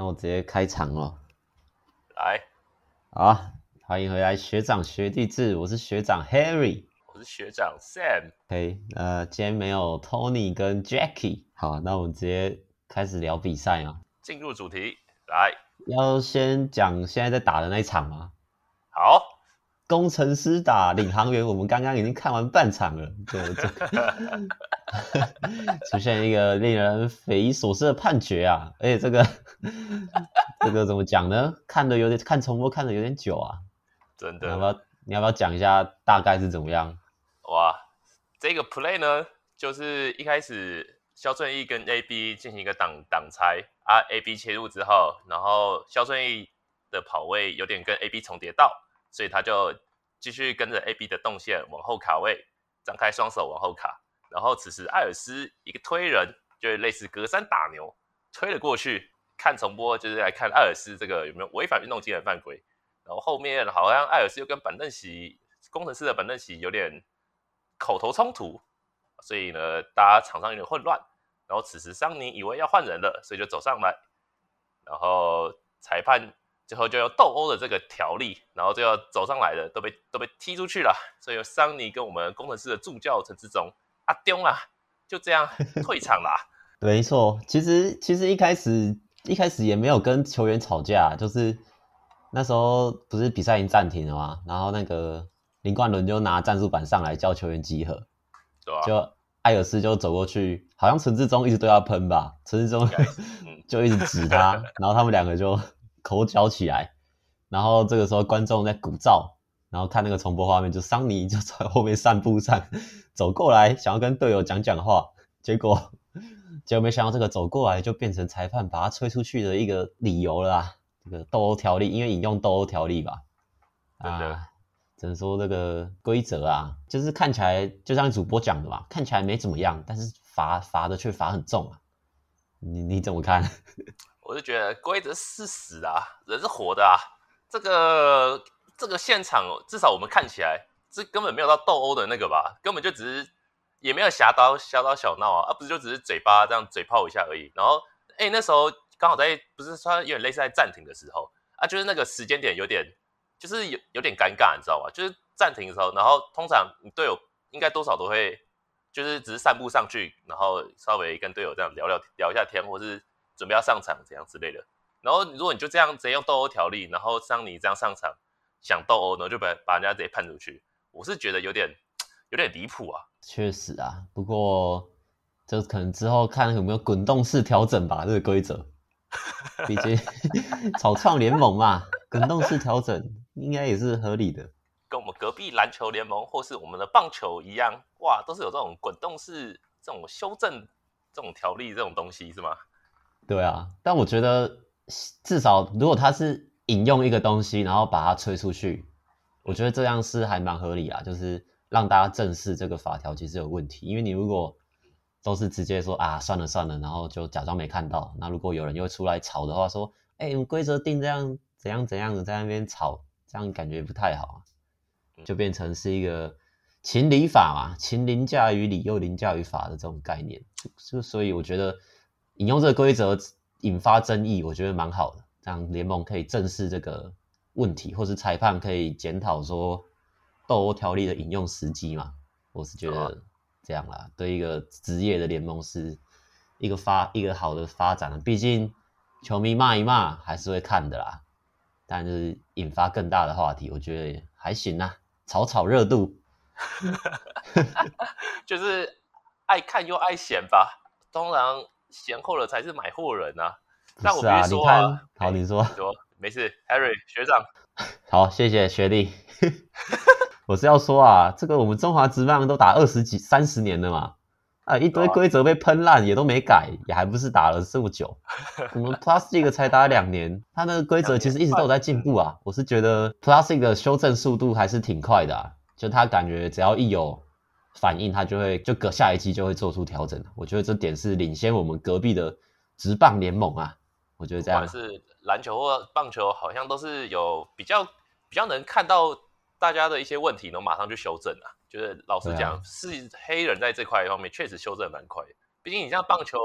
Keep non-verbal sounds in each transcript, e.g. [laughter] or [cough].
那我直接開場了，來，啊，歡迎回來學長學弟制，我是學長 Harry，我是學長 Sam，OK，呃，okay，那今天沒有 Tony 跟 Jackie，好，那我們直接開始聊比賽啊，進入主題，來，要先講現在在打的那一場嗎？好。攻城獅打領航猿，我們剛剛已經看完半場了，對哈哈，出現一個令人匪夷所思的判決啊！而且這個 [laughs] 這個怎麼講呢？ [laughs] 看得有點看重播，看得有點久啊！真的，你要不要你要不要講一下大概是怎麼樣？哇，這個 play 呢，就是一開始肖順義跟 A B 進行一個擋擋拆啊，A B 切入之後，然後肖順義的跑位有點跟 A B 重疊到。所以他就繼續跟着 A B 的動線往後卡位，張開雙手往後卡，然後此時艾爾斯一個推人，就類似隔山打牛，推了過去。看重播就是來看艾爾斯這個有沒有違反運動精神犯規。然後後面好像艾爾斯又跟板凳席工程師的板凳席有點口頭衝突，所以呢，大家場上有點混亂。然後此時桑尼以為要換人了，所以就走上來，然後裁判。最後就有鬥毆的這個條例，然後就要走上來的都被都被踢出去了。所以桑尼跟我們攻城獅的助教陳志忠阿丟啊，就這樣退場啦、啊。 [laughs] 沒錯，其實其實一開始一開始也沒有跟球員吵架，就是那時候不是比賽已經暫停了嗎？然後那個林冠倫就拿戰術板上來叫球員集合。啊、就艾爾斯就走過去，好像陳志忠一直都要噴吧，陳志忠就一直指他， [laughs] 然後他們兩個就。 [laughs] 口角起來，然後這個時候觀眾在鼓譟，然後看那個重播畫面，就桑尼就在後面散步上走過來，想要跟隊友講講話，結果結果沒想到這個走過來就變成裁判把他吹出去的一個理由了啦。這個鬥毆條例，因為引用鬥毆條例吧，嗯嗯啊，只能說這個規則啊，就是看起來就像主播講的嘛，看起來沒怎麼樣，但是罰罰的卻罰很重啊。你你怎麼看？我就覺得規則是死的、啊，人是活的啊！這個這個現場，至少我們看起來，這根本沒有到鬥毆的那個吧？根本就只是，也沒有俠刀俠刀小鬧啊，而、啊、不是就只是嘴巴這樣嘴炮一下而已。然後，哎、欸，那時候剛好在不是，說有點類似在暫停的時候啊，就是那個時間點有點，就是有有點尷尬，你知道吧，就是暫停的時候，然後通常你隊友應該多少都會，就是只是散步上去，然後稍微跟隊友這樣聊聊聊一下天，或是。準備要上場怎樣之類的，然後如果你就這樣直接用鬥毆條例，然後像你這樣上場想鬥毆，然後就把把人家直接判出去，我是覺得有點有點離譜啊。確實啊，不過就可能之後看有沒有滾動式調整吧，這個規則。 [laughs] 畢竟草創聯盟嘛， [laughs] 滾動式調整應該也是合理的。跟我們隔壁籃球聯盟或是我們的棒球一樣，哇，都是有這種滾動式這種修正這種條例這種東西是嗎？對啊，但我覺得至少如果他是引用一個東西，然後把它吹出去，我覺得這樣是還蠻合理啊。就是讓大家正視這個法條其實有問題，因為你如果都是直接說啊算了算了，然後就假裝沒看到，那如果有人又出來吵的話，說哎、欸，用規則定這樣怎樣怎樣的，在那邊吵，這樣感覺不太好啊，就變成是一個情理法嘛，情凌駕於理又凌駕於法的這種概念，就，就所以我覺得。引用這個規則引發爭議，我覺得蠻好的，讓聯盟可以正視這個問題，或是裁判可以檢討說鬥毆條例的引用時機嘛。我是覺得這樣啦，對一個職業的聯盟是一個發一個好的發展。畢竟球迷罵一罵還是會看的啦，但就是引發更大的話題，我覺得還行啦。炒炒熱度， [laughs] 就是愛看又愛顯吧，當然。嫌貨的才是買貨人吶、啊。那我比如、啊、不是說、啊啊，好，你說。你說沒事，Harry 學長。好，謝謝學弟。 [laughs] 我是要說啊，這個我們中華職棒都打二十幾、三十年了嘛，啊，一堆規則被噴爛也都沒改，也還不是打了這麼久。 [laughs] 我們 P. League+ 才打兩年，它那個規則其實一直都在進步啊。我是覺得 P. League+ 的修正速度還是挺快的、啊，就它感覺只要一有。反應他就會就隔下一期就會做出調整，我覺得這點是領先我們隔壁的職棒聯盟啊。我覺得這樣、啊、是籃球或棒球，好像都是有比較比較能看到大家的一些問題，能馬上去修正啊。就是老實講，是、啊、黑人在這塊方面確實修正蠻快。畢竟你像棒球，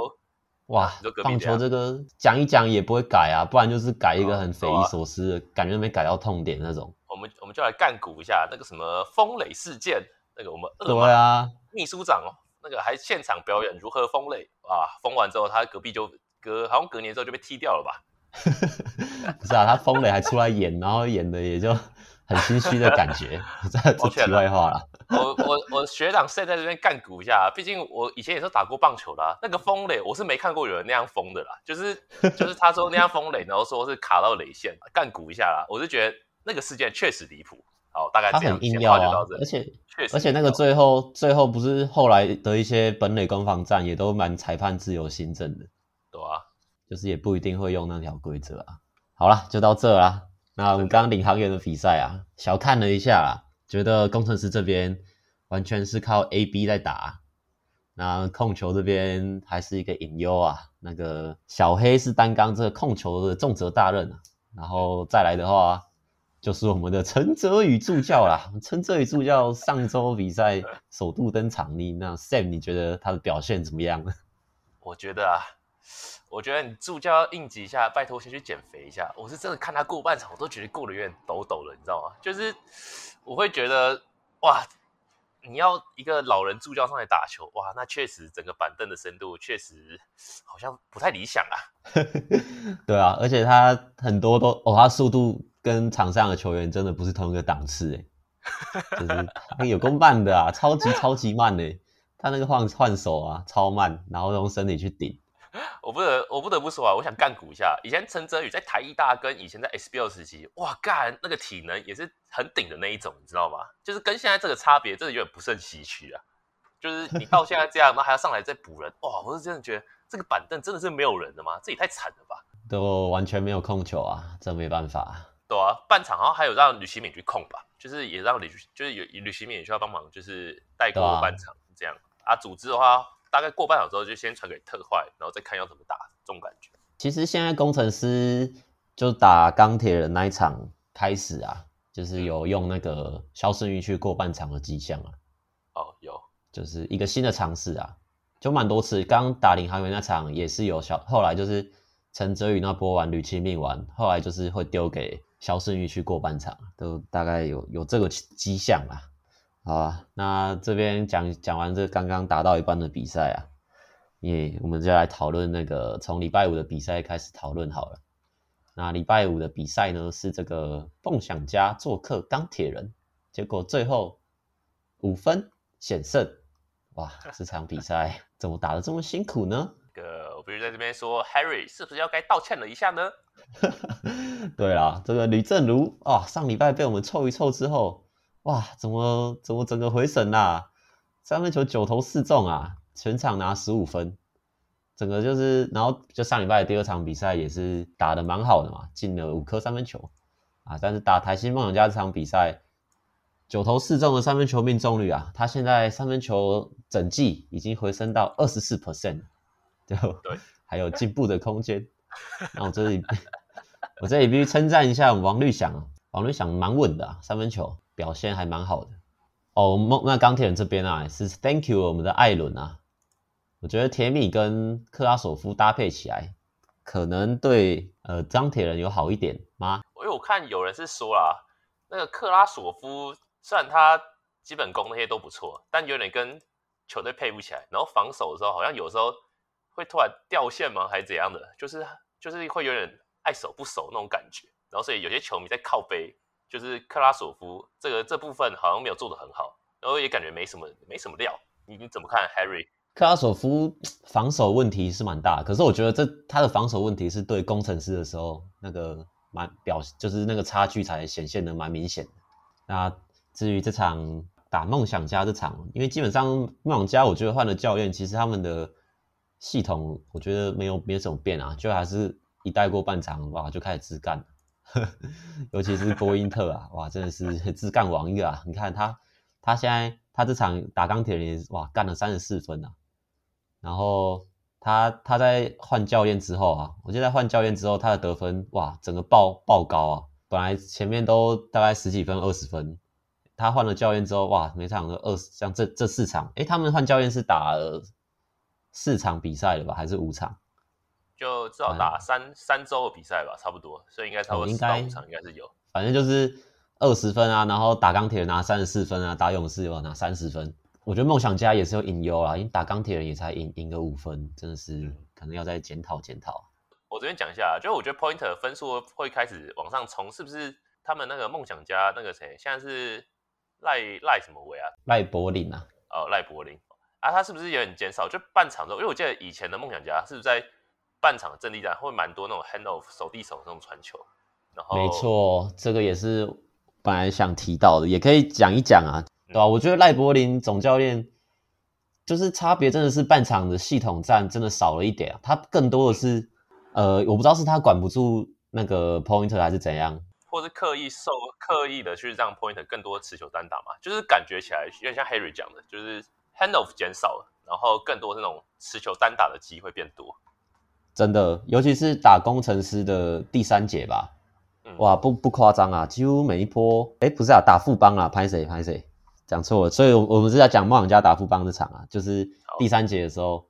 哇，棒球這個講一講也不會改啊，不然就是改一個很匪夷所思的、哦、感覺，沒改到痛點那種。哦啊、我們我們就來干股一下那個什麼風雷事件。那個我們二馬祕書長，那個還現場表演如何封壘啊？封完之後，他隔壁就隔好像隔年之後就被踢掉了吧 [laughs] ？不是啊，他封壘還出來演， [laughs] 然後演的也就很心虛的感覺。 [laughs] [laughs] okay. 我題外話了。我我我學長現在這邊干鼓一下、啊，畢竟我以前也是打過棒球啦、啊。那個封壘我是沒看過有人那樣封的啦，就是就是他說那樣封壘， [laughs] 然後說是卡到壘線干鼓一下啦。我是覺得那個事件確實離譜。哦，大概他很硬要、啊、到這，而且，而且那個最後最後不是後來的一些本壘攻防戰也都蠻裁判自由心證的。對啊，就是也不一定會用那條規則啊。好了，就到這啦。那我們剛剛領航員的比賽啊，小看了一下啦，覺得工程師這邊完全是靠 A B 在打、啊，那控球這邊還是一個隱憂啊。那個小黑是擔綱這個控球的重責大任啊，然後再來的話。就是我們的陳則語助教啦，陳 [laughs] 則語助教上周比賽首度登場你，你那 Sam 你覺得他的表現怎麼樣？呢？我覺得啊，我覺得你助教應急一下，拜托先去減肥一下。我是真的看他過半場，我都覺得過得有點抖抖了，你知道嗎？就是我會覺得哇，你要一個老人助教上來打球哇，那確實整個板凳的深度確實好像不太理想啊。 [laughs] 對啊，而且他很多都哦，他速度。跟場上的球員真的不是同一個檔次哎、欸，就是 [laughs] 有夠慢的啊，超級超級慢呢、欸。他那個換換手啊，超慢，然後用身體去頂。我不得我不得不說啊，我想干股一下。以前陳則語在台藝大跟以前在 SBL 時期，哇，幹那個體能也是很頂的那一種，你知道嗎？就是跟現在這個差別，真的有點不勝唏噓啊。就是你到現在這樣，然後還要上來再補人，哇，我是真的覺得這個板凳真的是沒有人的嗎？這也太慘了吧！都完全沒有控球啊，這沒辦法。對啊，半場，然後還有讓呂其敏去控吧，就是也讓呂就是有呂其敏也需要幫忙，就是帶過半場、啊、這樣啊。組織的話，大概過半場之後就先傳給特壞，然後再看要怎麼打這種感覺。其實現在攻城獅就打鋼鐵人那一場開始啊，就是有用那個肖順玉去過半場的跡象啊、嗯。哦，有，就是一個新的嘗試啊，就蠻多次。剛打領航猿那場也是有小，後來就是陳則語那波完呂其敏完，後來就是會丟給。肖勝玉去過半場，都大概有有這個跡象啦。好啊，那這邊講講完這剛剛打到一半的比賽啊，耶、yeah，我們就來討論那個從禮拜五的比賽開始討論好了。那禮拜五的比賽呢是這個夢想家做客鋼鐵人，結果最後五分險勝。哇，這場比賽怎麼打得這麼辛苦呢？個，我不如在這邊說，Harry 是不是要該道歉了一下呢？ [laughs] 對啦，這個呂政儒啊，上禮拜被我們湊一湊之後，哇，怎麼怎麼整個回神啦、啊？三分球九投四中啊，全場拿十五分，整個就是，然後就上禮拜的第二場比賽也是打得蠻好的嘛，進了五顆三分球啊，但是打台新夢想家這場比賽，九投四中的三分球命中率啊，他現在三分球整季已經回升到二十四 percent 了。對，還有進步的空間。 [laughs] 那我這裡，我這裡必須稱讚一下王律翔啊，王律翔蠻穩的、啊，三分球表現還蠻好的。哦，夢那鋼鐵人這邊啊，是 Thank you 我們的艾倫啊。我覺得鐵米跟克拉索夫搭配起來，可能對呃鋼鐵人有好一點嗎？因為我看有人是說啦，那個克拉索夫雖然他基本功那些都不錯，但有點跟球隊配不起來，然後防守的時候好像有時候。會突然掉線嗎？還是怎樣的？就是就是會有點愛守不守那種感覺，然後所以有些球迷在靠背，就是克拉索夫這個這個部分好像沒有做得很好，然後也感覺沒什麼沒什麼料。你你怎麼看，Harry？克拉索夫防守問題是蠻大的，可是我覺得這他的防守問題是對工程師的時候那個蠻表，就是那個差距才顯現的蠻明顯。那至於這場打夢想家這場，因為基本上夢想家我覺得換了教練，其實他們的。系統我覺得沒有沒什麼變啊，就還是一帶過半場哇就開始自幹呵呵，尤其是波音特啊， [laughs] 哇真的是自幹王一個啊！你看他他現在他這場打鋼鐵人也哇幹了三十四分啊！然後他他在換教練之後啊，我記得換教練之後他的得分哇整個爆爆高啊，本來前面都大概十幾分二十分，他換了教練之後哇每場都二十像這這四場誒他們換教練是打了。四場比賽了吧，還是五場？就至少打三、嗯、三周的比賽吧，差不多，所以應該差不多應該、嗯。應該五場應該是有，反正就是二十分啊，然後打鋼鐵人拿三十四分啊，打勇士有拿三十分。我覺得夢想家也是有隱憂啊，因為打鋼鐵人也才贏贏個五分，真的是可能要再檢討檢討。我這邊講一下，就我覺得 Pointer 分數會開始往上衝，是不是？他們那個夢想家那個誰，現在是賴賴什麼偉啊？賴柏林啊？哦，賴柏林。啊，他是不是有點減少？就半場中，因為我記得以前的夢想家是不是在半場的陣地戰會蠻多那種 hand off、手遞手那種傳球？然後，沒錯，這個也是本來想提到的，也可以講一講啊，嗯、對吧、啊？我覺得賴柏林總教練就是差別，真的是半場的系統戰真的少了一點。啊，他更多的是，呃，我不知道是他管不住那個 pointer 還是怎樣，或是刻意受刻意的去讓 pointer 更多持球單打嘛？就是感覺起來，有點像 Harry 講的，就是。handoff 減少了，然後更多是那種持球單打的機會變多，真的，尤其是打工程師的第三節吧，嗯、哇，不不誇張啊，幾乎每一波，誒不是啊，打富邦啊，拍誰拍誰，講錯了，所以，我我們是在講夢想家打富邦的場啊，就是第三節的時候，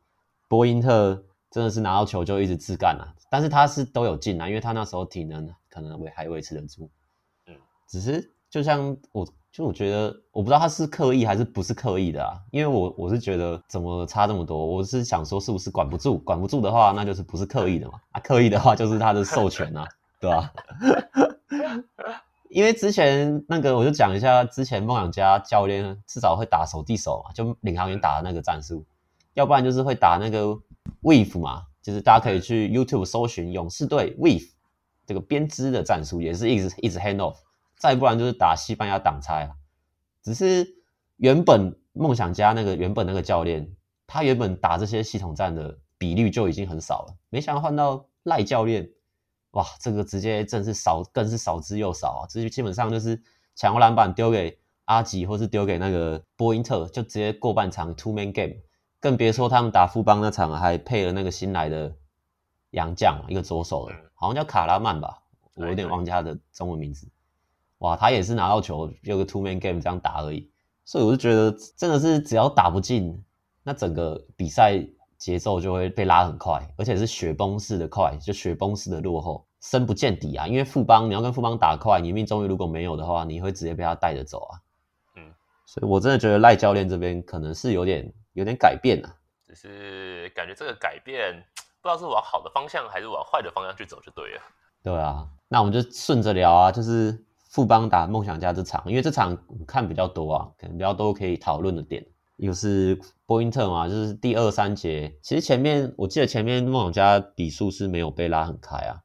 波因特真的是拿到球就一直自幹啊，但是他是都有進啊，因為他那時候體能可能還維持得住，嗯，只是就像我。就我覺得，我不知道他是刻意還是不是刻意的啊，因為我我是覺得怎麼差這麼多，我是想說是不是管不住，管不住的話，那就是不是刻意的嘛啊，刻意的話就是他的授權吶、啊，對吧、啊？ [laughs] 因為之前那個我就講一下，之前夢想家教練至少會打手遞手嘛，就領航員打的那個戰術，要不然就是會打那個 weave 嘛，就是大家可以去 YouTube 搜尋勇士隊 weave 這個編織的戰術，也是一直一直 hand off。再不然就是打西班牙擋拆啊，只是原本夢想家那個原本那個教練，他原本打這些系統戰的比率，就已經很少了，沒想到換到賴教練，哇，這個直接真是少，更是少之又少啊！這就基本上就是搶籃板丟給阿吉，或是丟給那個波因特，就直接過半場 two man game，更別說他們打富邦那場還配了那個新來的洋將，一個左手，好像叫卡拉曼吧，我有點忘記他的中文名字。哇，他也是拿到球有個 two man game 這樣打而已，所以我就覺得真的是只要打不進，那整個比賽節奏就會被拉很快，而且是雪崩式的快，就雪崩式的落後，深不見底啊！因為富邦你要跟富邦打快，你命中率如果沒有的話，你會直接被他帶着走啊。嗯，所以我真的覺得賴教練這邊可能是有點有點改變了啊，只是感覺這個改變不知道是往好的方向還是往壞的方向去走就對了。對啊，那我們就順着聊啊，就是。富邦打夢想家這場，因為這場看比較多啊，可能比較多可以討論的點。又是波因特嘛，就是第二三節，其實前面我記得前面夢想家比數是沒有被拉很開啊，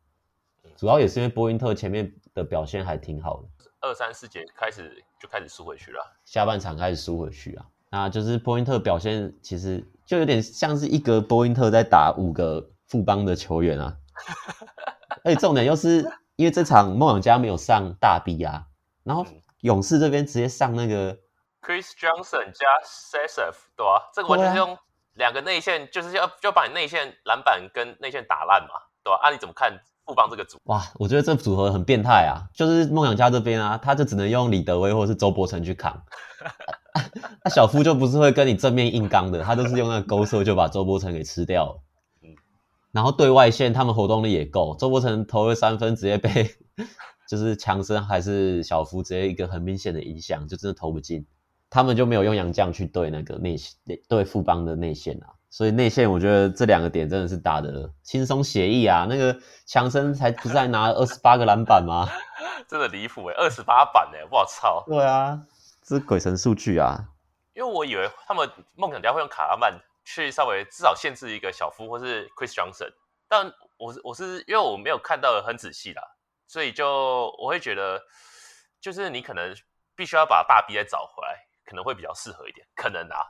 主要也是因為波因特前面的表現還挺好的。二三四節開始就開始輸回去了，下半場開始輸回去啊，那就是波因特表現其實就有點像是一個波因特在打五個富邦的球員啊， [laughs] 而且重點又、就是。因為這場夢想家沒有上大 B 啊，然後勇士這邊直接上那個 Chris Johnson 加 Sessuf 對吧？這個完全是用兩個內線，就是要就要把你內線籃板跟內線打爛嘛，對吧？啊，啊，你怎麼看富邦這個組？哇，我覺得這組合很變態啊！就是夢想家這邊啊，他就只能用李德威或者是周伯承去扛，那 [laughs] [laughs] 小夫就不是會跟你正面硬剛的，他都是用那個勾射就把周伯承給吃掉了。然後對外線，他們活動力也夠。周伯成投了三分，直接被就是強森還是小福直接一個很明顯的影響，就真的投不進。他們就沒有用洋將去對那個內對富邦的內線啊。所以內線我覺得這兩個點真的是打得輕鬆寫意啊。那個強森才不是還拿二十八個籃板嗎？ [laughs] 真的離譜誒，二十八板誒，我、欸、操！對啊，這是鬼神數據啊！因為我以為他們夢想家會用卡拉曼。去稍微至少限制一個小夫或是 Chris Johnson，但我我是因為我沒有看到的很仔細啦，所以就我會覺得就是你可能必須要把大 B 再找回來，可能會比較適合一點，可能啊，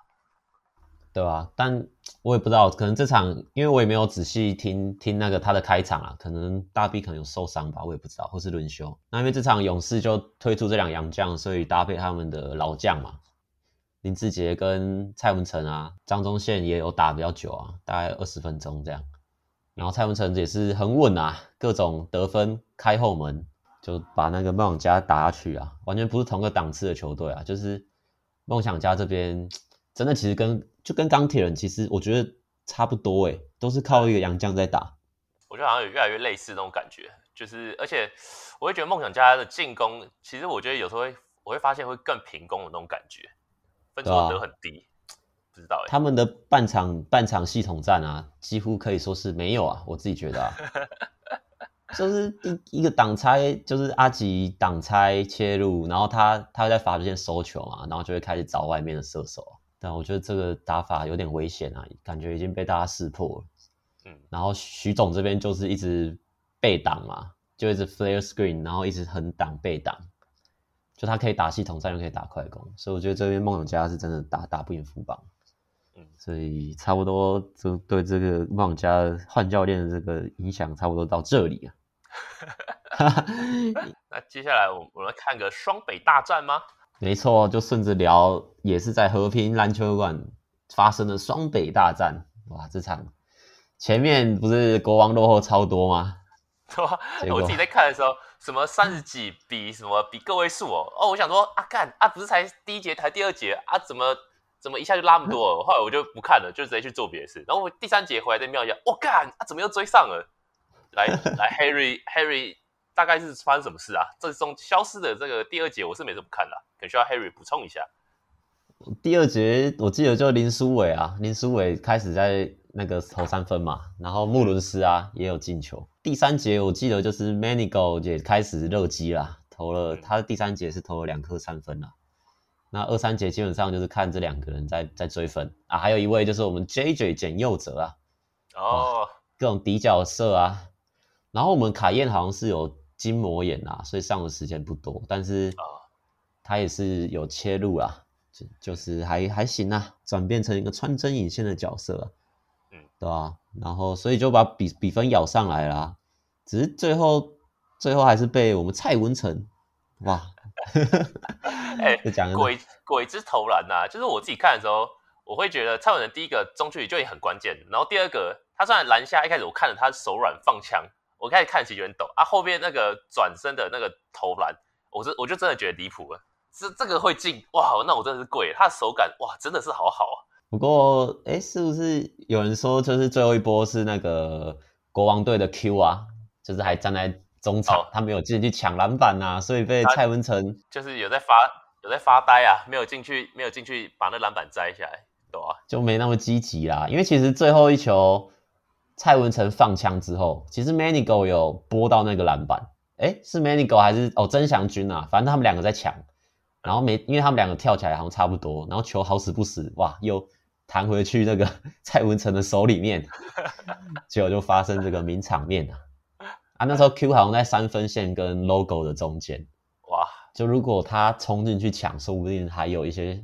對吧、啊？但我也不知道，可能這場因為我也沒有仔細聽聽那個他的開場啊，可能大 B 可能有受傷吧，我也不知道，或是輪休。那因為這場勇士就推出這兩洋將，所以搭配他們的老將嘛。林志杰跟蔡文誠啊，張宗憲也有打比較久啊，大概二十分鐘這樣。然後蔡文誠也是很穩啊，各種得分，開後門，就把那個夢想家打下去啊，完全不是同個檔次的球隊啊。就是夢想家這邊真的其實跟就跟鋼鐵人其實我覺得差不多誒、欸，都是靠一個洋將在打。我覺得好像有越來越類似的那種感覺，就是而且我會覺得夢想家的進攻其實我覺得有時候會，我會發現會更憑空的那種感覺。分數都很低，啊，不知道，欸。他們的半場半場系統戰啊，幾乎可以說是沒有啊，我自己覺得啊， [laughs] 就是一一個擋拆，就是阿吉擋拆切入，然後他他在罰球線，收球嘛，然後就會開始找外面的射手。但我覺得這個打法有點危險啊，感覺已經被大家識破了。嗯，然後許總這邊就是一直被擋嘛，就一直 flare screen，然後一直橫擋被擋。就他可以打系統戰，又可以打快攻，所以我覺得這邊夢想家是真的打打不贏福邦，嗯，所以差不多就對這個夢想家換教練的這個影響，差不多到這裡了。 [laughs] [laughs] 那接下來我們我們看個雙北大戰嗎？沒錯，就順着聊，也是在和平籃球館發生的雙北大戰。哇，這場前面不是國王落後超多嗎？我我自己在看的時候。什麼三十幾比什麼比個位數哦哦，我想說啊幹啊，不是才第一節才第二節啊，怎麼怎麼一下就拉那麼多？後來我就不看了，就直接去做別的事。然後我第三節回來再瞄一下，我、哦、幹啊，怎麼又追上了？來來，Harry [laughs] Harry，大概是發生什麼事啊？這種消失的這個第二節我是沒怎麼看的、啊，可能需要 Harry 補充一下。第二節我記得就林書偉啊，林書偉開始在那個投三分嘛，然後穆倫斯啊也有進球。第三節我記得就是 Manigold 也開始熱機啦，投了，嗯、他的第三節是投了兩顆三分啦、啊。那二三節基本上就是看這兩個人在在追分啊，還有一位就是我們 JJ 簡佑哲啊，哦，啊、各種底角色啊。然後我們卡宴好像是有筋膜炎啊，所以上的時間不多，但是啊，他也是有切入啦、啊，就就是還還行啊，轉變成一個穿針引線的角色、啊，嗯，對吧、啊？然後，所以就把比比分咬上來了，只是最後，最後還是被我們蔡文成哇、 [laughs] 欸，哇， [laughs] 哎，鬼鬼之投籃吶、啊，就是我自己看的時候，我會覺得蔡文成第一個中距離就也很關鍵，然後第二個他雖然籃下一開始我看着他手軟放槍，我開始看其實有點抖啊，後面那個轉身的那個投籃，我是我就真的覺得離譜了，這這個會進哇，那我真的是跪，他的手感哇真的是好好啊。不過，哎、欸，是不是有人說，就是最後一波是那個國王隊的 Q 啊？就是還站在中場，哦、他沒有進去搶籃板吶、啊，所以被蔡文誠就是有在發有在發呆啊，沒有進去，沒有進去把那籃板摘下來，懂啊，就沒那麼積極啦。因為其實最後一球，蔡文誠放槍之後，其實 Manigo 有撥到那個籃板，哎、欸，是 Manigo 還是哦曾祥鈞啊？反正他們兩個在搶，然後沒，因為他們兩個跳起來好像差不多，然後球好死不死，哇，又。彈回去那個蔡文誠的手裡面， [laughs] 結果就發生這個名場面啊！ [laughs] 啊，那時候 Q 好像在三分線跟 logo 的中間，哇！就如果他衝進去搶，說不定還有一些，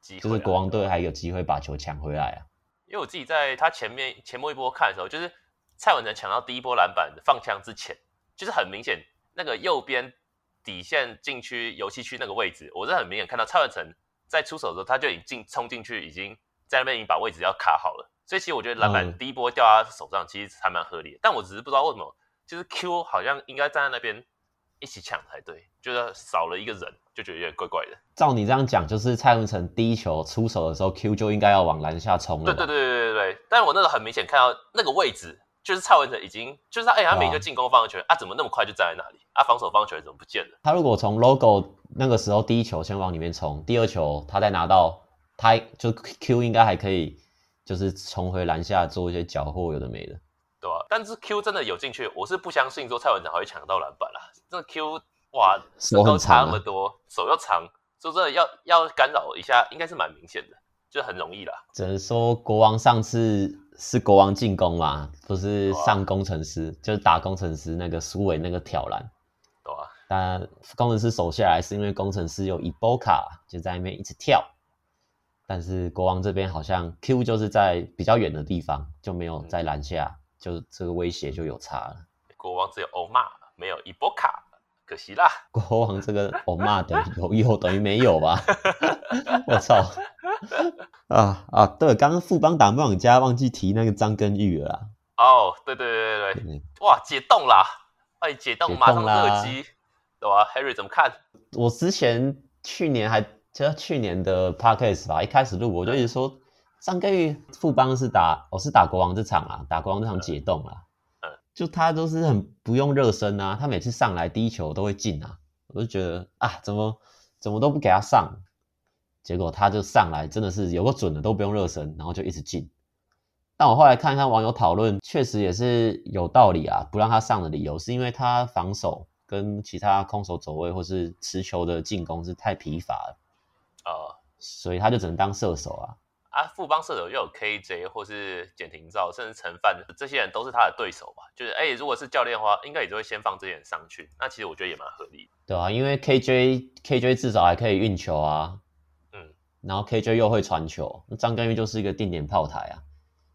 機會就是國王隊還有機會把球搶回來啊。因為我自己在他前面前波一波看的時候，就是蔡文誠搶到第一波籃板放槍之前，就是很明顯那個右邊底線禁區遊戲區那個位置，我是很明顯看到蔡文誠在出手的時候，他就已經進，衝進去已經。在那邊已經把位置要卡好了，所以其實我覺得籃板第一波掉在他手上其實還蠻合理的、嗯。但我只是不知道為什麼，就是 Q 好像應該站在那邊一起搶才對，就是少了一個人就覺得有點怪怪的。照你這樣講，就是蔡文誠第一球出手的時候，Q 就應該要往籃下衝了。對對對對對對。但是我那個很明顯看到那個位置，就是蔡文誠已經就是哎、欸，他每一個進攻方向權啊，啊怎麼那麼快就站在那裡？啊，防守方向權怎麼不見了？他如果從 logo 那個時候第一球先往裡面衝，第二球他再拿到。他就 Q 應該還可以，就是重回籃下做一些攪和，有的沒的，對、啊、但是 Q 真的有進去，我是不相信說蔡文誠還會搶到籃板啦，這個 Q 哇，身高、啊、差那麼多，手又長，就真的要要干擾一下，應該是蠻明顯的，就很容易啦。只能說國王上次是國王進攻嘛，不是上工程師，啊、就是打工程師那個蘇偉那個挑籃，對當、啊、但工程師守下來是因為工程師有伊波卡就在那邊一直跳。但是國王這邊好像 Q 就是在比較遠的地方，就沒有在籃下，嗯，就這個威脅就有差了。國王只有歐罵，沒有伊波卡，可惜啦。國王這個歐罵等於有， [laughs] 有，等於沒有吧？我 [laughs] 操！啊啊，對，剛剛富邦打夢想家，忘記提那個張根玉了。哦，對對對對，對，對，對，哇，解凍啦！快解凍馬上熱機，對吧？啊、Harry 怎麼看？我之前去年還。其實去年的 podcast 吧，一開始錄我就一直說，上個月富邦是打，我、哦、是打國王這場啊，打國王這場解凍了、啊，就他都是很不用熱身啊，他每次上來第一球都會進啊，我就覺得啊，怎麼怎麼都不給他上，結果他就上來真的是有個準的都不用熱身，然後就一直進，但我後來看一看網友討論，確實也是有道理啊，不讓他上的理由是因為他防守跟其他空手走位或是持球的進攻是太疲乏了。呃，所以他就只能當射手啊！啊，富邦射手又有 KJ 或是簡廷照，甚至陳范這些人都是他的對手吧？就是，哎，如果是教練的話，應該也就會先放這些人上去。那其實我覺得也蠻合理。對啊，因為 KJ KJ 至少還可以運球啊，嗯，然後 KJ 又會傳球，張根玉就是一個定點炮台啊。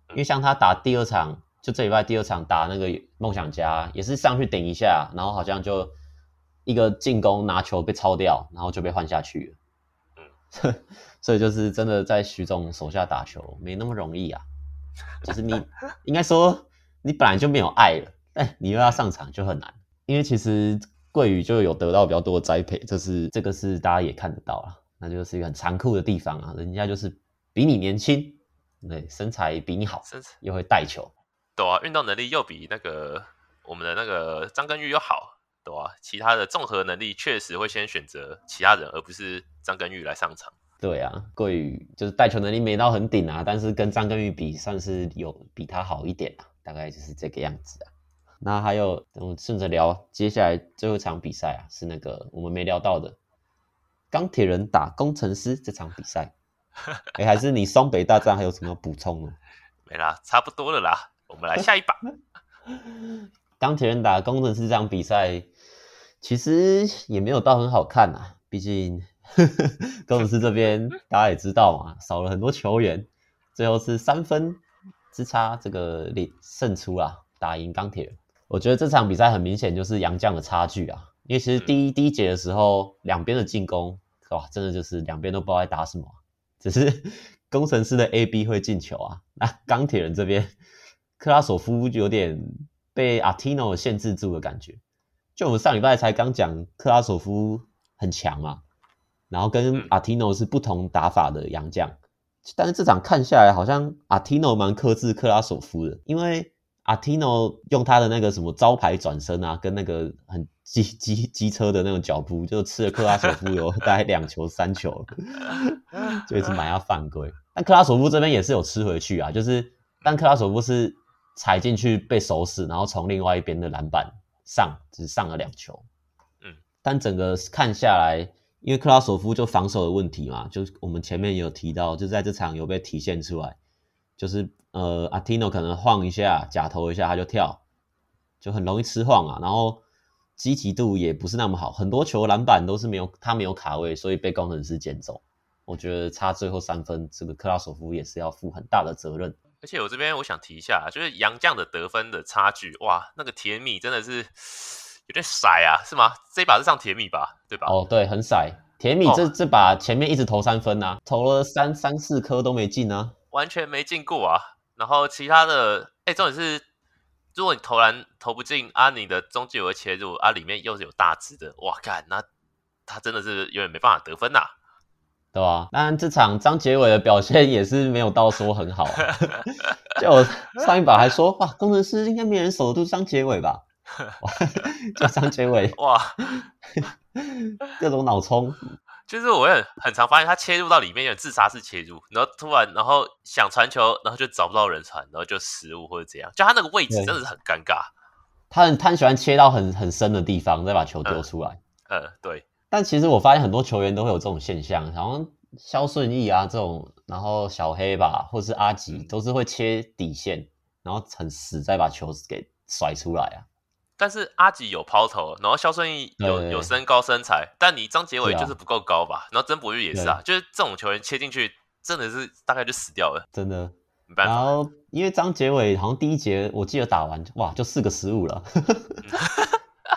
因為像他打第二場，就這禮拜第二場打那個夢想家，也是上去頂一下，然後好像就一個進攻拿球被抄掉，然後就被換下去了，啊。 [laughs] 所以就是真的在許總手下打球沒那麼容易啊，就是你應該說你本來就沒有愛了，但你又要上場就很難，因為其實桂宇，就有得到比較多的栽培，就是這個是大家也看得到啊，那就是一個很殘酷的地方啊，人家就是比你年輕，對，身材比你好，身材又會帶球，對啊，運動能力又比那個我們的那個張根宇又好。對啊，其他的綜合能力確實會先選擇其他人，而不是張根玉來上場。對啊，過於，就是帶球能力沒到很頂啊，但是跟張根玉比算是有比他好一點啊，大概就是這個樣子啊。那還有，我們順着聊接下來最後一場比賽啊，是那個我們沒聊到的鋼鐵人打攻城獅這場比賽。哎、 [laughs] 欸，還是你雙北大戰還有什麼要補充呢 [laughs] 沒啦，差不多了啦，我們來下一把。鋼 [laughs] 鐵人打攻城獅這場比賽。其實也沒有到很好看吶、啊，畢竟呵呵攻城獅這邊大家也知道嘛，少了很多球員，最後是三分之差這個勝出啦、啊，打贏鋼鐵人。我覺得這場比賽很明顯就是洋將的差距啊，因為其實第一第一節的時候，兩邊的進攻哇，真的就是兩邊都不知道在打什麼，只是攻城獅的 A B 會進球啊，那鋼鐵人這邊克拉索夫有點被阿蒂諾限制住的感覺。就我們上禮拜才剛講克拉索夫很強嘛，然後跟阿提諾是不同打法的洋將，但是這場看下來好像阿提諾蠻克制克拉索夫的，因為阿提諾用他的那個什麼招牌轉身啊，跟那個很機機機車的那種腳步，就吃了克拉索夫有大概兩球三球， [laughs] [laughs] 就一直買他犯規。但克拉索夫這邊也是有吃回去啊，就是但克拉索夫是踩進去被守死，然後從另外一邊的籃板。上只、就是、上了兩球，嗯，但整個看下來，因為克拉索夫就防守的問題嘛，就我們前面有提到，就在這場有被體現出來，就是呃，阿蒂諾可能晃一下，假投一下他就跳，就很容易吃晃啊，然後積極度也不是那麼好，很多球籃板都是沒有，他沒有卡位，所以被攻城獅撿走，我覺得差最後三分，這個克拉索夫也是要負很大的責任。而且我這邊我想提一下，就是洋將的得分的差距，哇，那個甜米真的是有點傻啊，是嗎？這一把是上甜米吧？對吧？哦，對，很傻。甜米這這把前面一直投三分吶、啊哦，投了三三四顆都沒進啊，完全沒進過啊。然後其他的，哎、欸，重點是，如果你投籃投不進啊，你的中距有切入啊，裡面又是有大隻的，哇，幹，那他真的是永遠沒辦法得分吶、啊。對吧，當然這場張杰偉的表現也是沒有到說很好，啊， [laughs] 就我上一把還說哇，工程師應該沒人守得住張杰偉吧？叫張杰偉哇，各種腦衝。就是我也很，很常發現他切入到裡面有自殺式切入，然後突然然後想傳球，然後就找不到人傳，然後就失誤或者怎樣，就他那個位置真的是很尷尬。他很他很喜歡切到很很深的地方再把球丟出來。嗯，嗯對。但其實我發現很多球員都會有這種現象，好像蕭順議啊、這種，然後小黑吧，或是阿吉，都是會切底線，然後很死再把球給甩出來啊。但是阿吉有拋投，然後蕭順議有對對對，有身高身材，但你張杰偉就是不夠高吧，對啊，然後曾博玉也是啊，就是這種球員切進去真的是大概就死掉了，真的。沒辦法。然後因為張杰偉好像第一節我記得打完哇就四個失誤了，哈哈哈哈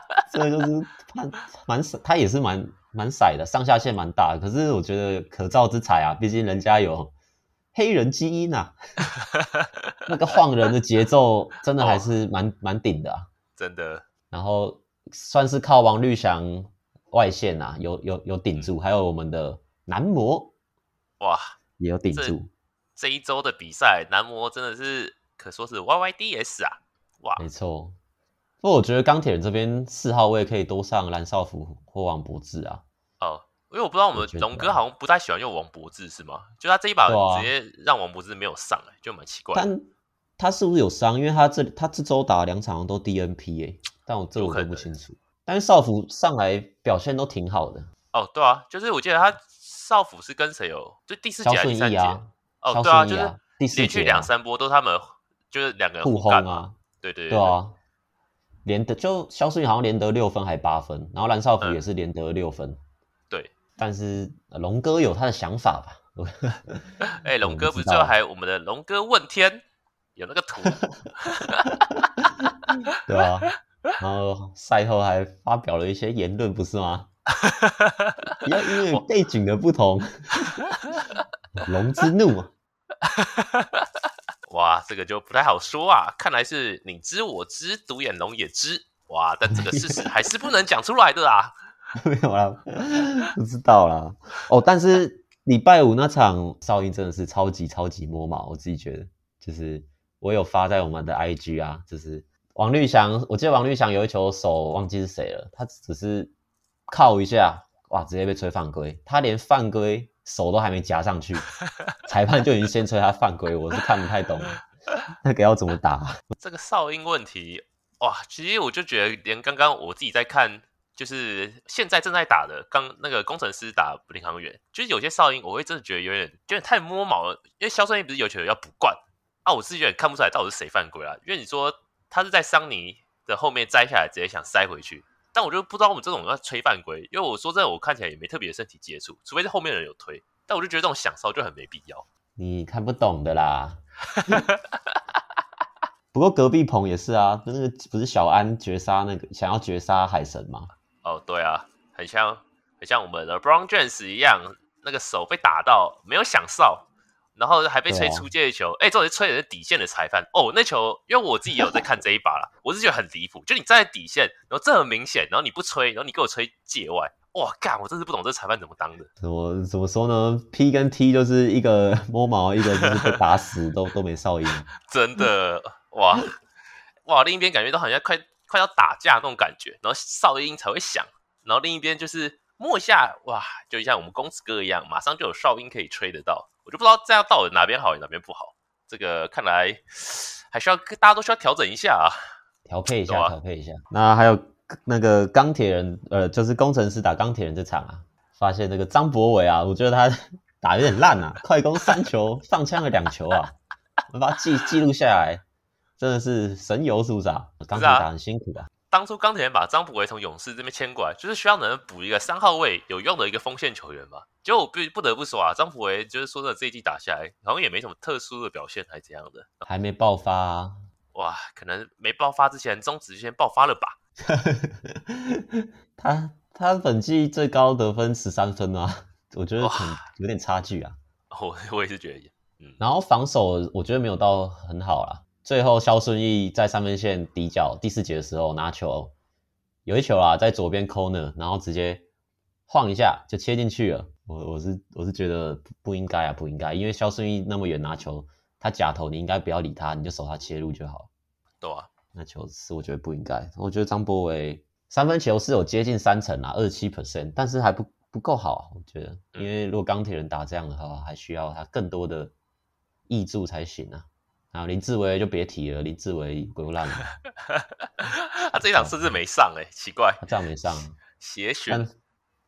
哈，所以就是。那蠻他也是蠻蠻色的，上下限蠻大。可是我覺得可造之才啊，畢竟人家有黑人基因啊， [laughs] [laughs] 那個晃人的節奏真的還是蠻蠻頂的啊，真的。然後算是靠王律翔外線啊，有有有頂住、嗯，還有我們的男模哇，也有頂住。這一周的比賽，男模真的是可說是 YYDS 啊，哇，沒錯。不過我覺得鋼鐵人這邊四號位可以多上藍少甫或王博志啊。哦，因為我不知道我們龍哥好像不太喜歡用王博志，是嗎？就他這一把直接讓王博志沒有上哎、欸，就蠻奇怪。但他是不是有傷？因為他這他這周打兩場都 DNP、欸、但我這我也不清楚。但是少甫上來表現都挺好的。哦，對啊，就是我記得他少甫是跟誰哦？就第四局還是第三局啊。哦啊，對啊，就是，兩是第四局兩三波都是他們就是兩個人互轟啊，啊。對對對，對啊。連得就蕭順議好像連得六分還是八分，然後藍少甫也是連得六分、嗯。對，但是龍哥有他的想法吧？哎、欸，龍哥不是最後還有我們的龍哥問天，有那個圖。 [laughs] [laughs] 對啊，然後賽後還發表了一些言論，不是嗎？要 [laughs] 因為背景的不同，龍 [laughs] 之怒啊。 [laughs] 哇，這個就不太好說啊！看來是你知我知，獨眼龍也知。哇，但這個事實還是不能講出來的啊！ [laughs] 沒有啦，不知道啦。哦，但是禮拜五那場哨音真的是超級超級摸嘛，我自己覺得，就是我有發在我們的 IG 啊，就是王律翔，我記得王律翔有一球手忘記是誰了，他只是靠一下，哇，直接被吹犯規，他連犯規。手都還沒夾上去，裁判就已經先吹他犯規，我是看不太懂，那個要怎麼打？ [laughs] 這個哨音問題，哇，其實我就覺得，連剛剛我自己在看，就是現在正在打的，剛那個攻城獅打領航猿，就是有些哨音，我會真的覺得有點，就有點太摸毛了，因為肖聲器不是有球要補灌啊，我自己有點看不出來到底是誰犯規了，啊，因為你說他是在桑尼的後面摘下來直接想塞回去。但我就不知道我們這種人要吹犯規，因為我說真的，我看起來也沒特別身體接觸，除非是後面的人有推。但我就覺得這種響哨就很沒必要。你看不懂的啦。 [laughs] 不過隔壁棚也是啊，那個不是小安絕殺那個想要絕殺海神嗎？哦，對啊，很像很像我們的 Bron James 一樣，那個手被打到沒有響哨。然後還被吹出界的球，哎、啊，這、欸、人吹的是底線的裁判哦。那球，因為我自己有在看這一把啦， [laughs] 我是覺得很離譜。就你站在底線，然後這很明顯，然後你不吹，然後你給我吹界外，哇，幹，我真是不懂這裁判怎麼當的。我怎麼，怎麼說呢？P 跟 T 就是一個摸毛，一個就是被打死， [laughs] 都都沒哨音。真的，哇 [laughs] 哇，另一邊感覺都好像快快要打架那種感覺，然後哨音才會響。然後另一邊就是摸一下，哇，就像我們公子哥一樣，馬上就有哨音可以吹得到。我就不知道這樣到底哪邊好，哪邊不好。這個看來還需要大家都需要調整一下啊，調配一下，調、啊、配一下。那還有那個鋼鐵人，呃，就是工程師打鋼鐵人這場啊，發現那個張博偉啊，我覺得他打得有點爛啊， [laughs] 快攻三球，上槍了兩球啊， [laughs] 我把它記記錄下來，真的是神遊是不是啊？鋼鐵、啊、打很辛苦的啊。當初鋼鐵人把張浦維從勇士這邊簽過來，就是需要能補一個三號位有用的一個鋒線球員嘛。結果不不得不說啊，張浦維就是說真的，這一季打下來好像也沒什麼特殊的表現，還是怎樣的，還沒爆發啊！哇，可能沒爆發之前，中止先爆發了吧？ [laughs] 他他本季最高得分十三分啊，我覺得很、oh. 有點差距啊。我、oh, 我也是覺得、嗯，然後防守我覺得沒有到很好啦。最後，肖順義在三分線底角第四節的時候拿球，有一球啊，在左邊 corner，然後直接晃一下就切進去了。我我是我是覺得不應該啊，不應該，因為肖順義那麼遠拿球，他假投，你應該不要理他，你就守他切入就好。對啊，那球是我覺得不應該。我覺得張博偉三分球是有接近三成啊，二七 percent，但是還不不夠好啊，我覺得，因為如果鋼鐵人打這樣的話，還需要他更多的挹注才行啊。啊，林志偉就別提了，林志偉滾爛了。 [laughs] 他這一場甚至沒上哎、欸哦，奇怪，他這樣沒上。協選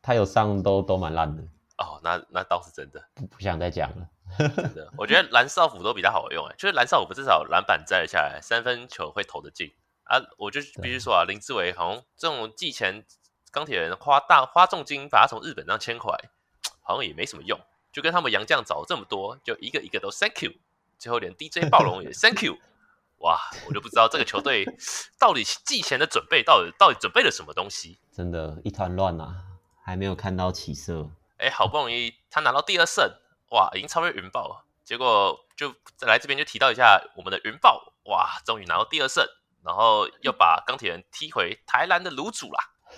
他有上都都蠻爛的。哦，那那倒是真的，不,不想再講了 [laughs] 我覺得藍少府都比較好用哎、欸，就是藍少府至少籃板摘了下來，三分球會投的進啊。我就必須說啊，林志偉好像這種季前鋼鐵人花大花重金把他從日本上簽過來，好像也沒什麼用，就跟他們洋將找了這麼多，就一個一個都 Thank you。最後連 DJ 暴龍也 Thank you，哇！我就不知道這個球隊到底季前的準備到底到底準備了什麼東西，真的，一團亂吶，還沒有看到起色。哎、欸，好不容易他拿到第二勝，哇，已經超越雲豹了。結果就再來這邊就提到一下我們的雲豹，哇，終於拿到第二勝，然後又把鋼鐵人踢回台南的爐主啦。 [laughs]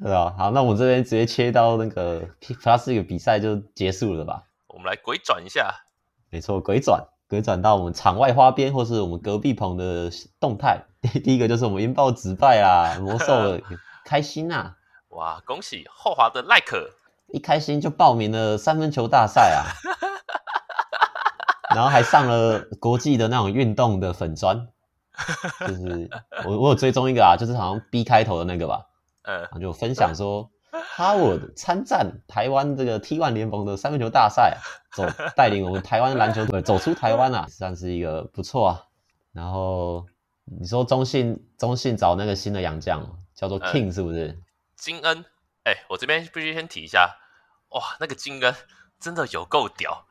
對啊，好，那我們這邊直接切到那個、P、Plus 的比賽就結束了吧？我們來鬼轉一下。沒錯，鬼轉，鬼轉到我們場外花邊，或是我們隔壁棚的動態。第一個就是我們雲豹止敗啊，魔獸開心啊，哇，恭喜後華的奈可，一開心就報名了三分球大賽啊， [laughs] 然後還上了國際的那種運動的粉專，就是我我有追蹤一個啊，就是好像 B 開頭的那個吧，呃、然後就分享說。嗯哈，我參戰台灣，這個 T1 聯盟的三分球大賽，走帶領我們台灣籃球隊走出台灣啊，算是一個不錯啊。然後你說中信，中信找那個新的洋將叫做 King 是不是、嗯？金恩，哎、欸，我這邊必須先提一下，哇，那個金恩真的有夠屌，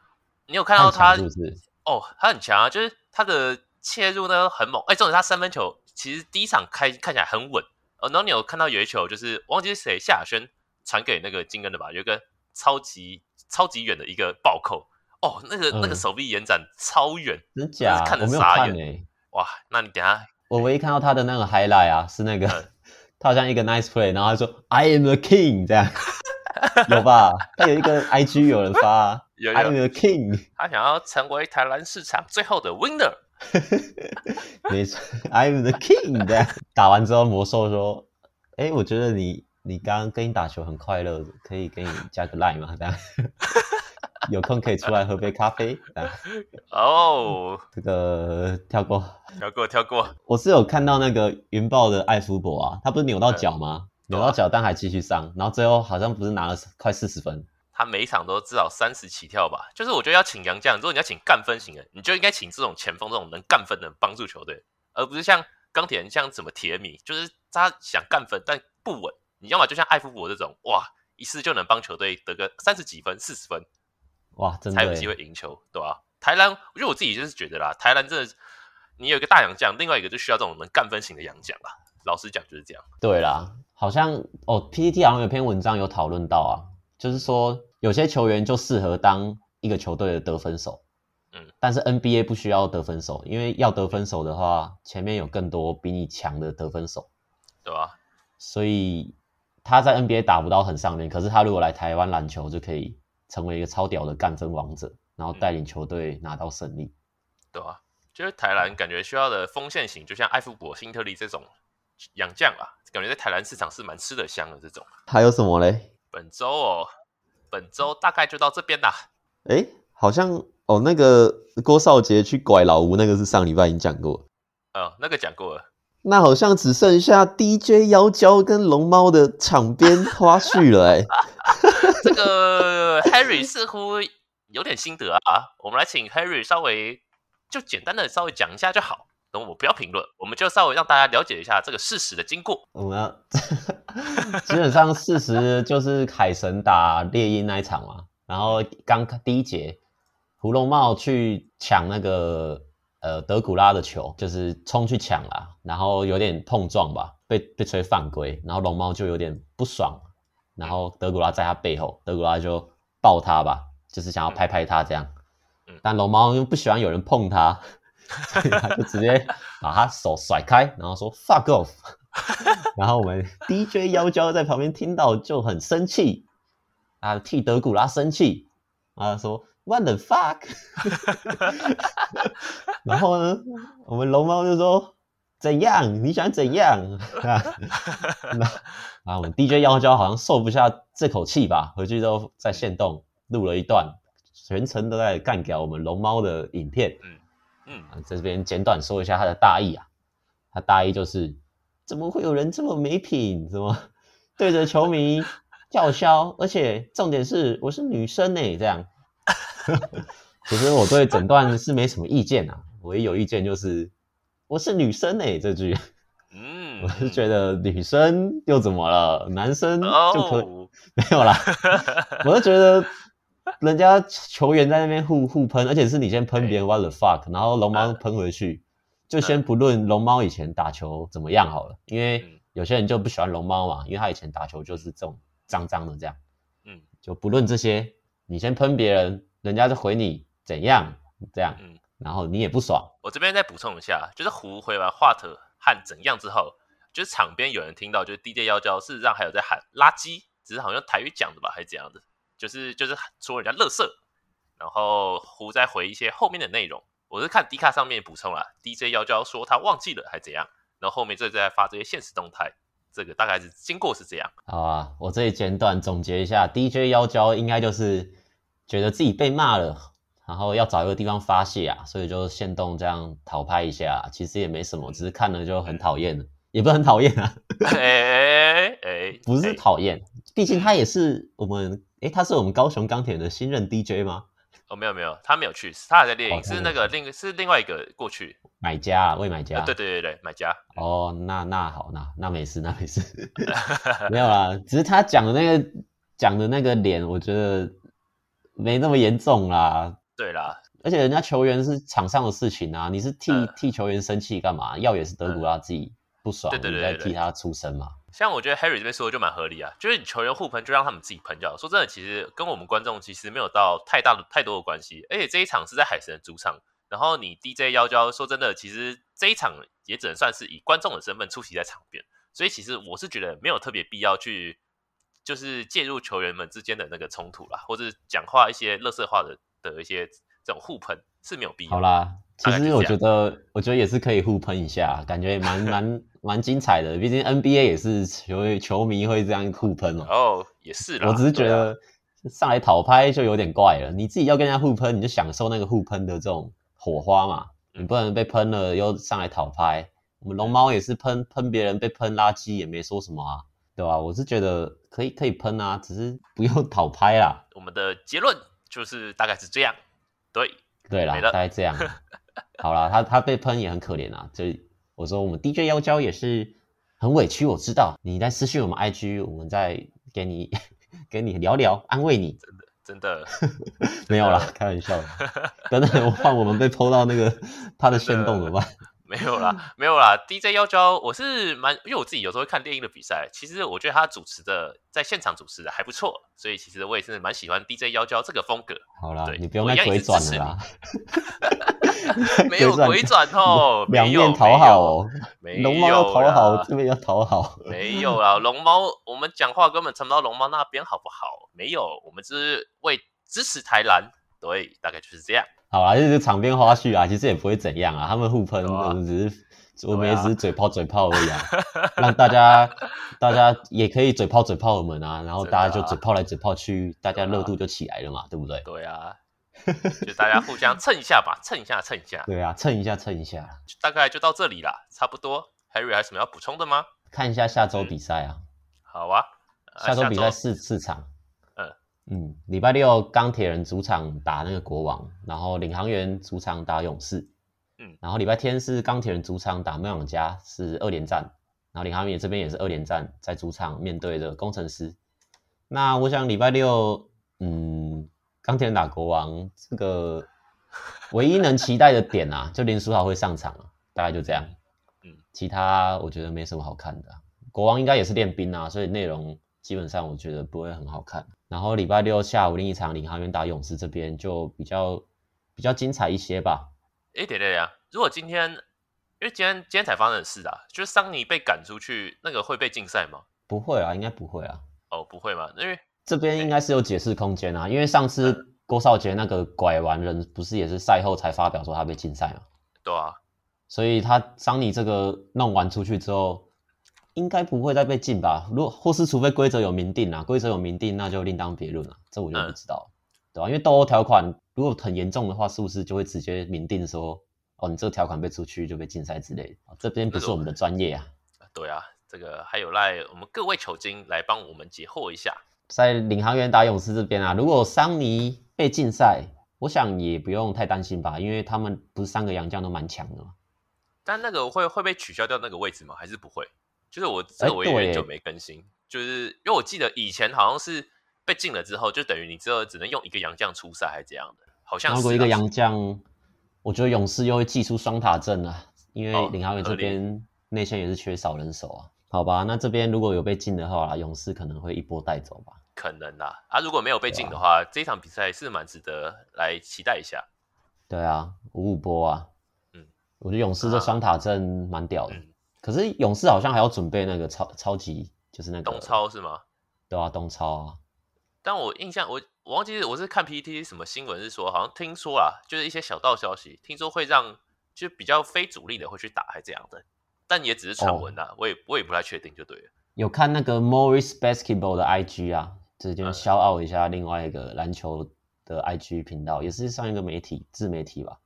你有看到他？是是哦，他很強啊，就是他的切入呢很猛，哎、欸，重點他三分球其實第一場開看起來很穩。呃、哦，那你有看到有一球，就是忘記是誰，夏亞軒傳給那個金恩的吧？有一個超級超級遠的一個暴扣哦，那個、嗯、那個手臂延展超遠，真假？看得傻眼沒、欸、哇！那你等一下，我唯一看到他的那個 highlight 啊，是那個、嗯、 [laughs] 他好像一個 nice play，然後他說 “I am the king” 這樣 [laughs] 有吧？他有一個 IG 有人發 [laughs] 有有，“I am the king”，他想要成為台灣市場最後的 winner。呵呵呵，沒錯，I'm the king。打完之後，魔獸說：“誒、欸，我覺得你你剛剛跟你打球很快樂，可以給你加個 line 嘛，這樣有空可以出來喝杯咖啡。”哦、oh，這個跳過，跳過，跳過。我是有看到那個雲豹的艾夫伯啊，他不是扭到腳嗎、嗯？扭到腳、嗯，但還繼續上，然後最後好像不是拿了快四十分。他每一場都至少三十起跳吧，就是我覺得要請洋將，如果你要請幹分型的，你就應該請這種前鋒，這種能幹分的，幫助球隊，而不是像鋼鐵人像什麼鐵米，就是他想幹分但不穩，你要嘛就像艾弗伯這種，哇，一次就能幫球隊得個三十幾分、四十分，哇，真的，才有機會贏球，對吧、啊？台籃，我覺得我自己就是覺得啦，台籃真的，你有一個大洋將，另外一個就需要這種能幹分型的洋將啦。老實講就是這樣。對啦，好像哦，PTT 好像有篇文章有討論到啊。就是說，有些球員就適合當一個球隊的得分手，嗯，但是 NBA 不需要得分手，因為要得分手的話，前面有更多比你強的得分手，對、嗯、吧？所以他在 NBA 打不到很上面。可是他如果來台灣籃球就可以成為一個超屌的幹分王者，然後帶領球隊拿到勝利、嗯嗯，對啊，就是台籃感覺需要的鋒線型，就像艾弗伯、辛特利這種洋將啊，感覺在台南市場是蠻吃得香的這種。還有什麼嘞？本週哦，本週大概就到這邊啦。誒、欸，好像哦，那個郭少杰去拐老吳，那個是上禮拜已經講過。哦，那個講過了。那好像只剩下 DJ 妖嬌跟龍貓的場邊花絮了、欸。哎 [laughs] ，這個 Harry 似乎有點心得啊。 [laughs] 我們來請 Harry 稍微就簡單的稍微講一下就好。等我不要評論，我們就稍微讓大家了解一下這個事實的經過。我 [laughs] 們基本上事實就是海神打獵鷹那一場嘛，然後剛第一節，胡瓏貿去搶那個呃德古拉的球，就是衝去搶啦，然後有點碰撞吧，被被吹犯規，然後龍貓就有點不爽，然後德古拉在他背後，德古拉就抱他吧，就是想要拍拍他這樣，嗯嗯、但龍貓又不喜歡有人碰他。所以他就直接把他手甩開，然後說 “fuck off”。 [laughs] 然後我們 DJ 妖嬌在旁邊聽到就很生氣，啊，替德古拉生氣啊，然後他說 “what the fuck”。 [laughs] 然後呢，我們龍貓就說：“怎樣？你想怎樣？” [laughs] 然後，我們 DJ 妖嬌好像受不下這口氣吧，回去之後在限動錄了一段，全程都在幹掉我們龍貓的影片。嗯、啊，在這邊簡短說一下他的大意啊。他大意就是，怎麼會有人這麼沒品？什麼對着球迷叫囂，而且重點是，我是女生呢，這樣。其 [laughs] 實我對整段是沒什麼意見啊，唯一有意見就是我是女生呢這句。嗯， [laughs] 我是覺得女生又怎麼了？男生就可以、哦、沒有啦。我是覺得。人家球員在那邊互互噴，而且是你先噴別人、嗯、what the fuck？然後龍貓噴回去、嗯嗯，就先不論龍貓以前打球怎麼樣好了，嗯、因為有些人就不喜歡龍貓嘛，因為他以前打球就是這種髒髒的這樣。嗯，就不論這些，你先噴別人，人家就回你怎樣這樣。嗯，然後你也不爽。我這邊再補充一下，就是胡回完華特和怎樣之後，就是場邊有人聽到就是 DJ 要叫，事實上還有在喊垃圾，只是好像用台語講的吧，還是怎樣的。就是就是說人家樂色，然後胡再回一些後面的內容。我是看 D 卡上面補充了，DJ 妖嬌說他忘記了還怎樣，然後後面這再發這些限時動態，這個大概是經過是這樣。好啊，我這裡簡短總結一下，DJ 妖嬌應該就是覺得自己被罵了，然後要找一個地方發洩啊，所以就限動這樣討拍一下。其實也沒什麼，只是看了就很討厭了，也不是很討厭啊。哎哎，不是討厭，畢竟他也是我們。誒，他是我們高雄鋼鐵的新任 DJ 嗎？哦，沒有沒有，他沒有去，他還在練影，哦，是那個另是另外一個過去買家啊，未買家，哦，對對對，對買家。哦，那那好，那那沒事，那沒事。 [laughs] [laughs] 沒有啦，只是他講的那個講的那個臉，我覺得沒那麼嚴重啦。對啦，而且人家球員是場上的事情啊，你是替，呃、替球員生氣幹嘛？要也是德古拉，啊呃，自己不爽對對對對對對，你在替他出聲嘛。像我覺得 Harry 這邊說的就蠻合理啊，就是你球員互噴，就讓他們自己噴掉，說真的，其實跟我們觀眾其實沒有到太大的、太多的關係。而且這一場是在海神的主場，然後你 DJ 要嬌說真的，其實這一場也只能算是以觀眾的身份出席在場邊。所以其實我是覺得沒有特別必要去，就是介入球員們之間的那個衝突啦，或者講話一些垃圾話的的一些這種互噴是沒有必要。好啦。其實我覺得，我覺得也是可以互噴一下，感覺也蠻蠻蠻精彩的。畢竟 NBA 也是球球迷會這樣互噴了。喔？哦，也是啦。我只是覺得、啊、上來討拍就有點怪了。你自己要跟人家互噴，你就享受那個互噴的這種火花嘛。你不能被噴了又上來討拍。我們龍貓也是噴噴別人被噴垃圾也沒說什麼啊，對吧、啊？我是覺得可以可以噴啊，只是不用討拍啦。我們的結論就是大概是這樣。對對啦，大概這樣。 [laughs] [laughs] 好啦，他他被噴也很可憐啊。所以我說，我們 DJ 妖嬌也是很委屈，我知道你在私信我們 IG，我們再給你給你聊聊，安慰你。真的真的，真的 [laughs] 沒有啦，開玩笑的。 [laughs] 等等，我怕我們被 PO 到那個他的限動了吧。 [laughs] [laughs] 沒有啦，沒有啦。DJ 幺幺，我是蠻，因為我自己有時候會看電影的比賽，其實我覺得他主持的在現場主持的還不錯，所以其實我也是蠻喜歡 DJ 幺幺這個風格。好啦，對，你不用再鬼轉了啦。一一 [laughs] 沒有鬼轉 [laughs] 哦，兩面討好哦，龍貓要討好，這邊要討好。沒有啦，龍 [laughs] 貓，我們講話根本沉不到龍貓那邊，好不好？沒有，我們只是為支持台籃。對，大概就是這樣。好啦、啊、就是場邊花絮啊，其實也不會怎樣啊，他們互噴，我、哦、們、嗯、只是、啊，我們也只是嘴炮嘴炮而已啊， [laughs] 讓大家，大家也可以嘴炮嘴炮我們啊，然後大家就嘴炮來嘴炮去，啊、大家熱度就起來了嘛，對、啊，對不對？對啊，就大家互相蹭一下吧， [laughs] 蹭一下蹭一下，蹭一下。對啊，蹭一下蹭一下。大概就到這裡了，差不多。Harry 還有什麼要補充的嗎？看一下下周比賽啊。嗯、好啊下，下周比賽四四場。嗯，禮拜六鋼鐵人主場打那個國王，然後領航員主場打勇士。嗯，然後禮拜天是鋼鐵人主場打夢想家，是二連戰。然後領航員這邊也是二連戰，在主場面對著工程師。那我想禮拜六，嗯，鋼鐵人打國王，這個唯一能期待的點啊， [laughs] 就林書豪會上場啊，大概就這樣。嗯，其他我覺得沒什麼好看的。國王應該也是練兵啊，所以內容基本上我覺得不會很好看。然後禮拜六下午另一場領航員打勇士，這邊就比較比較精彩一些吧。誒、欸，對對對啊！如果今天，因為今天今天才發生的事啊，就是桑尼被趕出去，那個會被禁賽嗎？不會啊，應該不會啊。哦，不會吧，因為這邊應該是有解釋空間啊、欸。因為上次郭少杰那個拐完人不是也是賽後才發表說他被禁賽嗎？嗯、對啊。所以他桑尼這個弄完出去之後。應該不會再被禁吧？如果或是除非規則有明定啊，規則有明定，那就另當別論了。這我就不知道、嗯、對吧、啊？因為鬥毆條款如果很嚴重的話，是不是就會直接明定說，哦，你這條款被出去就被禁賽之類的？這邊不是我們的專業啊、那個，對啊，這個還有賴我們各位球經來幫我們解惑一下。在領航員打勇士這邊啊，如果桑尼被禁賽，我想也不用太擔心吧，因為他們不是三個洋將都蠻強的嗎？但那個會會被取消掉那個位置嗎？還是不會？就是我這我也有很久沒更新，欸、就是因為我記得以前好像是被禁了之後，就等於你之後只能用一個洋將出賽還是這樣的。好像如果一個洋將，我覺得勇士又會祭出雙塔陣啊，因為林豪宇這邊內線也是缺少人手啊。哦、好吧，那這邊如果有被禁的話啦，勇士可能會一波帶走吧。可能啦、啊，啊如果沒有被禁的話，啊、這一場比賽是蠻值得來期待一下。對啊，五五波啊，嗯，我覺得勇士這雙塔陣蠻屌的。啊嗯可是勇士好像還要準備那個超超級，就是那個東超是嗎？對啊，東超啊。但我印象我我忘記，我是看 PPT 什麼新聞是說，好像聽說啊，就是一些小道消息，聽說會讓就比較非主力的會去打，還這樣的，但也只是傳聞啦，我也我也不太確定，就對了。有看那個 Morris Basketball 的 IG 啊，是就 shoutout 一下另外一個籃球的 IG 頻道、嗯，也是上一個媒體自媒體吧。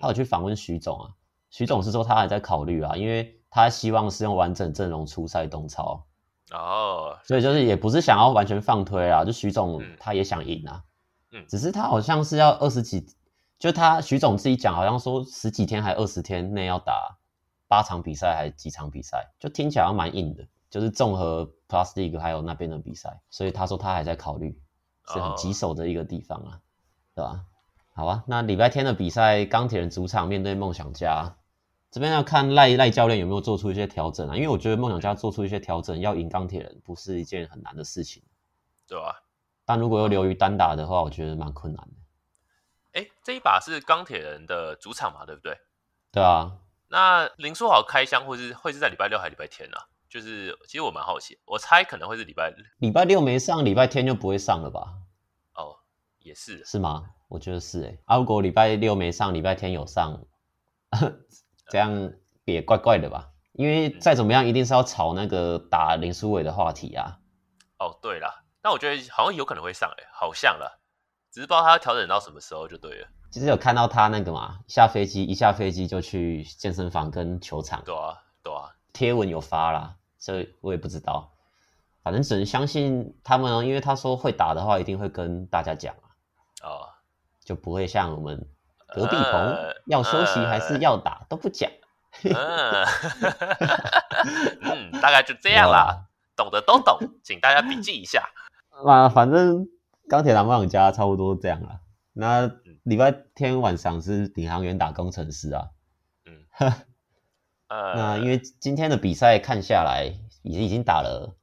他有去訪問許總啊，許、嗯、總是說他還在考慮啊，因為。他希望是用完整陣容出賽東超哦，所以就是也不是想要完全放推啦，就徐總他也想贏啊，嗯，只是他好像是要二十幾，就他徐總自己講好像說十幾天還二十天內要打八場比賽還是幾場比賽，就聽起來蠻硬的，就是綜合 P. League+ 還有那邊的比賽，所以他說他還在考慮，是很棘手的一個地方啊，對吧、啊？好啊，那禮拜天的比賽，鋼鐵人主場面對夢想家。這邊要看賴賴教練有沒有做出一些調整啊，因為我覺得夢想家做出一些調整要贏鋼鐵人不是一件很難的事情，對吧、啊？但如果又流於單打的話，我覺得蠻困難的、欸。這一把是鋼鐵人的主場嘛，對不對？對啊。那林書豪開箱或是會是在禮拜六還是禮拜天啊？就是其實我蠻好奇，我猜可能會是禮拜禮拜六沒上，禮拜天就不會上了吧？哦，也是。是嗎？我覺得是哎、欸啊。如果禮拜六沒上，禮拜天有上。 [laughs] 這樣也怪怪的吧？因為再怎麼樣，一定是要炒那個打林書緯的話題啊。哦，對了，那我覺得好像有可能會上誒，好像了，只是不知道他調整到什麼時候就對了。其實有看到他那個嘛，下飛機一下飛機就去健身房跟球場。對啊，對啊。貼文有發啦，所以我也不知道。反正只能相信他們，因為他說會打的話，一定會跟大家講啊。哦。就不會像我們。隔壁棚要休息還是要打，呃、都不講， [laughs] 嗯，大概就這樣啦，嗯、懂得都懂，嗯、請大家筆記一下。那，嗯啊、反正鋼鐵人、夢想家差不多這樣啦。那禮拜天晚上是領航猿打工程師啊。嗯， [laughs] 呃，那因為今天的比賽看下來，已經已經打了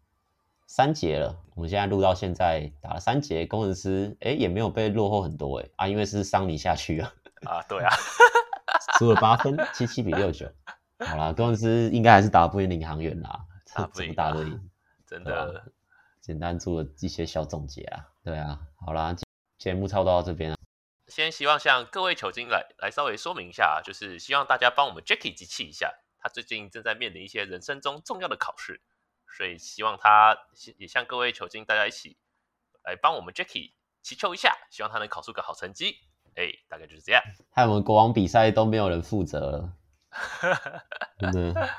三節了。我們現在錄到現在打了三節，工程師誒、欸、也沒有被落後很多誒、欸、啊，因為是桑尼下去啊。啊，對啊，輸 [laughs] 了八分， [laughs] 七七比六九。好啦，公司應該還是打不贏領航員啦，差不只打了一。真的，嗯、簡單做了一些小總結啊。對啊，好啦，節目差不多到這邊了。先希望向各位球精來來稍微說明一下，就是希望大家幫我們 Jackie 集氣一下，他最近正在面臨一些人生中重要的考試，所以希望他也向各位球精大家一起來幫我們 Jackie 祈求一下，希望他能考出個好成績。哎、欸，大概就是這樣。還有我們國王比賽都沒有人負責了，了 [laughs] 真的。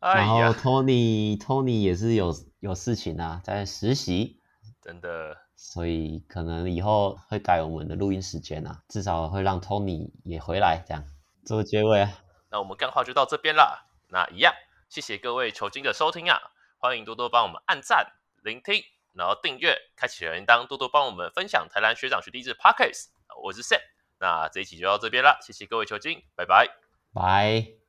然後托尼、哎，托尼也是有有事情啊，在實習，真的。所以可能以後會改我們的錄音時間啊，至少會讓托尼也回來這樣做結尾啊。那我們幹話就到這邊啦。那一樣，謝謝各位球菌的收聽啊，歡迎多多幫我們按讚、聆聽，然後訂閱、開啟小鈴鐺，多多幫我們分享台籃學長學帝雉 Podcast 我是 Sam，那這一期就到這邊了，謝謝各位球精，拜拜，拜。